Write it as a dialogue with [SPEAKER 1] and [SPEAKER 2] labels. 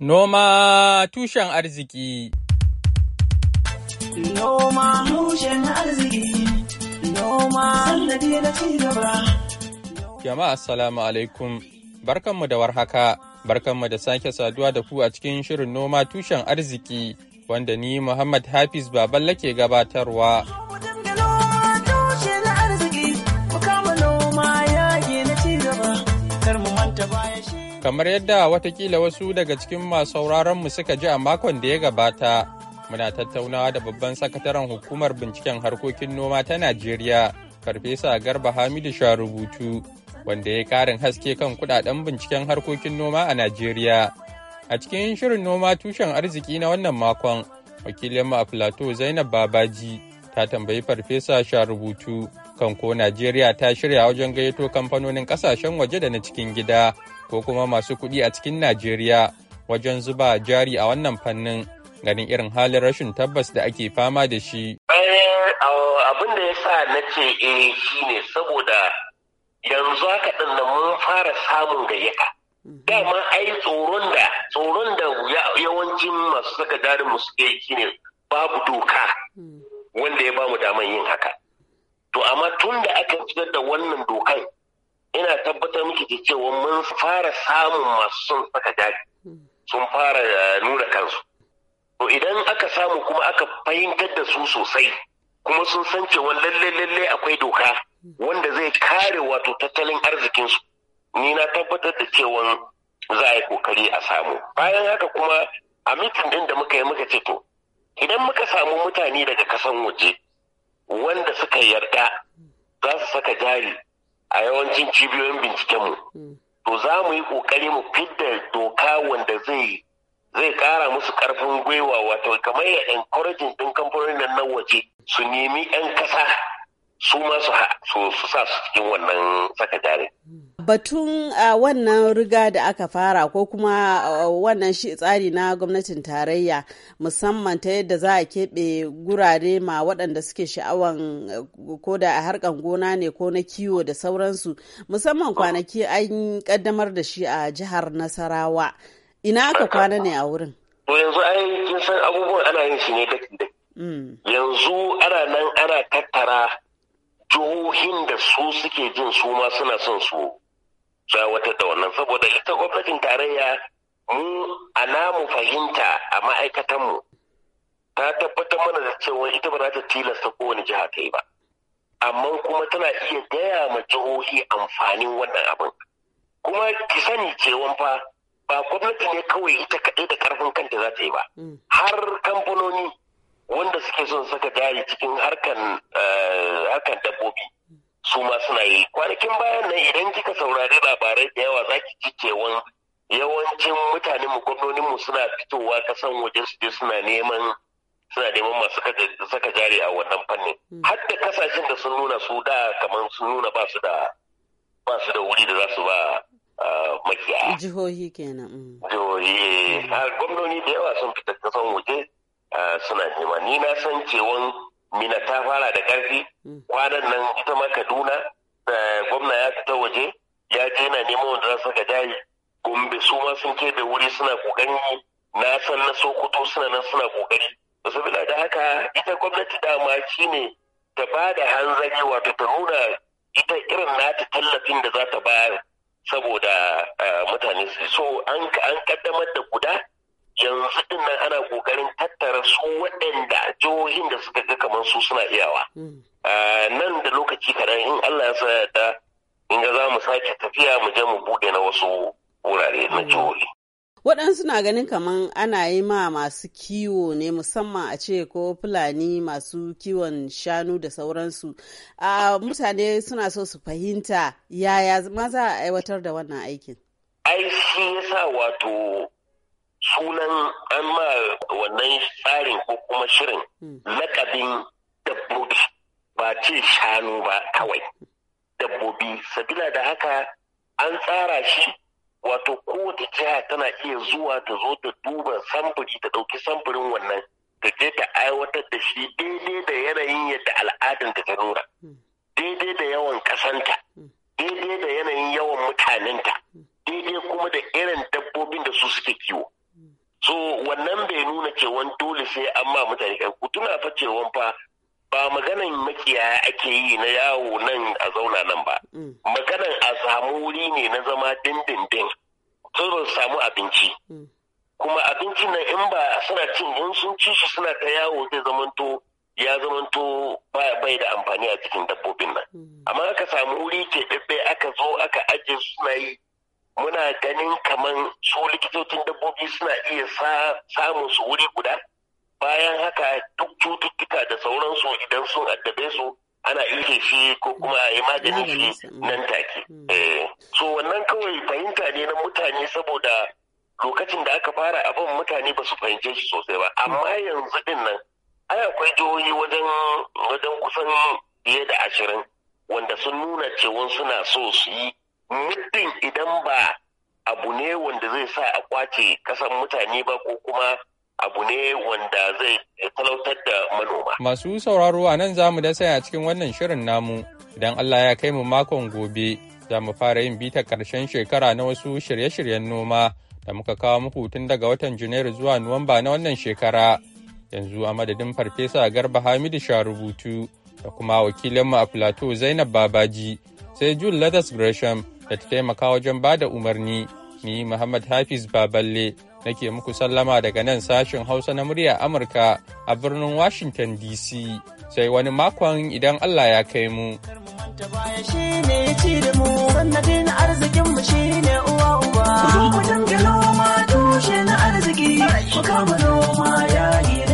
[SPEAKER 1] Noma tushen arziki
[SPEAKER 2] Noma tushen arziki Noma sannadi na gaba
[SPEAKER 1] Jama'a assalamu alaikum barkanmu da warhaka barkanmu da sake saduwa da ku a cikin shirin noma tushen arziki wanda ni Muhammad Hafiz Baballa ke gabatarwa. Kamar yadda watakila wasu daga cikin masu mu suka ji a makon da ya gabata, muna tattaunawa da babban sakataren hukumar binciken harkokin noma ta Najeriya, Farfesa Garba Hamidu Sharubutu, wanda ya karin haske kan kudaden binciken harkokin noma a Najeriya. A cikin shirin noma tushen arziki na wannan makon, Wakilin a Plateau Zainab Babaji ta tambayi Farfesa Sharubutu kan ko Najeriya ta shirya wajen gayyato kamfanonin kasashen waje da na cikin gida ko kuma masu kuɗi a cikin Najeriya wajen zuba jari a wannan fannin ganin irin halin rashin tabbas da ake fama da shi.
[SPEAKER 2] Eh, abin da ya sa na ce eh shi ne saboda yanzu haka ɗin da mun fara samun gayyata. Dama ai tsoron da tsoron da yawancin masu saka jarin musu suke yi ne babu doka hmm. wanda ya bamu daman yin haka. to amma tun da aka fitar da wannan dokan ina tabbatar miki da cewa mun fara samun masu son saka jari sun fara eh, nuna kansu to idan aka samu kuma aka fahimtar da su sosai kuma sun san cewa lalle lalle akwai doka wanda zai kare wato tattalin arzikinsu ni na tabbatar da cewa za a yi kokari a samu bayan haka kuma a mitin din da muka yi muka ce to idan muka samu mutane daga kasan waje wanda suka yarda za su saka jari a yawancin cibiyoyin binciken mu, hmm. to za mu yi ƙoƙari mu fidda doka wanda zai zai ƙara musu ƙarfin gwiwa wato kamar ya encouraging ɗin kamfanonin nan waje su nemi 'yan ƙasa su ma su sa su cikin wannan saka jari.
[SPEAKER 1] Batun wannan riga da aka fara ko kuma wannan shi tsari na gwamnatin tarayya musamman ta yadda za a keɓe gurare ma waɗanda suke sha'awan eh, ko da a harkan gona ne ko na kiwo da sauransu musamman ah. kwanaki an ƙaddamar da shi a jihar Nasarawa. Ina aka kwana ne a wurin?
[SPEAKER 2] To yanzu san abubuwan ana yin shi ne mm. Yanzu ana nan ana tattara jihohin da su suke jin su ma suna son su wata da wannan saboda ita gwamnatin tarayya mu a namu fahimta a ma'aikatanmu ta tabbatar mana da cewa ita ba za ta tilasta kowane jiha ta yi ba amma kuma tana iya gaya ma jihohi amfanin wannan abin kuma ki sani cewa fa ba gwamnati ne kawai ita kaɗai da ƙarfin kanta za ta yi ba mm. har kamfanoni wanda suke son saka jari cikin harkan eh, harkan dabbobi su ma suna yi kwanakin bayan nan idan kika saurari labarai da yawa zaki ji cewan yawancin mutanen mu gwamnonin mu suna fitowa kasan waje su je suna neman suna neman masu saka jari a wannan fannin hmm. har da kasashen da sun nuna su da kamar sun nuna ba su da ba su da wuri da za su ba ah, makiyaya jihohi
[SPEAKER 1] kenan hmm.
[SPEAKER 2] jihohi hmm. gwamnoni da yawa sun fita kasan waje suna nema ni na san cewan mina ta fara da ƙarfi hmm. kwanan nan ita ma kaduna gwamna ya fita waje ya je na neman wanda zasu ga jari gombe su ma sun da wuri suna kokari na san na sokoto suna nan suna wasu saboda da haka ita gwamnati dama shi ne ta ba da hanzari wato ta nuna ita irin nata tallafin da za ta bayar saboda mutane so an kaddamar da guda yanzu din nan ana kokarin tattara su waɗanda jihohin da suka ga kamar su suna iyawa hmm. nan da lokaci kaɗan in Allah ya sa yadda in ga za mu sake tafiya mu je mu buɗe na wasu wurare na hmm. jihohi
[SPEAKER 1] waɗansu na ganin kamar ana yi ma masu kiwo ne musamman a ce ko fulani masu kiwon shanu da sauransu a mutane suna so su fahimta yaya ma za a aiwatar da wannan aikin
[SPEAKER 2] ai shi yasa wato sunan an ma wannan tsarin ko kuma shirin hmm. lakabin dabbobi ba ce shanu ba kawai dabbobi sabila da haka an tsara shi wato kowace jiha tana iya zuwa ta zo ta duba samfuri ta ɗauki samfurin wannan ta je ta aiwatar da shi daidai da yanayin yadda al'adar da ta nura hmm. daidai da yawan kasanta hmm. daidai da yanayin yawan mutanenta daidai kuma da irin dabbobin da su suke kiwo so wannan bai nuna cewan dole sai an ma mutane kan ku fa cewa fa ba maganan makiyaya ake yi na yawo nan a zauna nan ba mm. maganan a samu wuri ne na zama dindindin sun samu abinci mm. kuma abinci nan in ba suna cin in sun ci shi suna ta yawo zai zamanto ya zamanto bai da amfani a cikin dabbobin nan mm. amma aka samu wuri ke aka zo aka ajiye suna yi muna ganin kamar su likitocin dabbobi suna iya samun su wuri guda bayan haka duk cututtuka da sauransu idan sun addabe su ana ilke shi ko kuma a yi maganin shi mm. nan take. Mm. Eh, so wannan kawai fahimta ne na mutane saboda lokacin da aka fara abin mutane ba su fahimce shi sosai ba. Amma yanzu din nan ai akwai jihohi wajen wajen kusan fiye da ashirin wanda sun nuna cewa suna so su yi muddin idan ba abu ne wanda zai sa a kwace kasan mutane ba ko kuma abu ne wanda zai talautar da manoma.
[SPEAKER 1] Masu sauraro a nan za mu dasa a cikin wannan shirin namu idan Allah ya kai mu makon gobe za mu fara yin bitar karshen shekara na wasu shirye-shiryen noma da muka kawo muku tun daga watan Janairu zuwa Nuwamba na wannan shekara. Yanzu a madadin Farfesa Garba Hamidu Sharubutu da kuma wakilinmu a Plateau Zainab Babaji sai June Lathas Gresham da ta taimaka wajen ba da umarni ni muhammad hafiz baballe nake muku sallama daga nan sashen hausa na murya amurka a birnin washington dc sai wani makon idan allah ya kai mu Mu noma yayi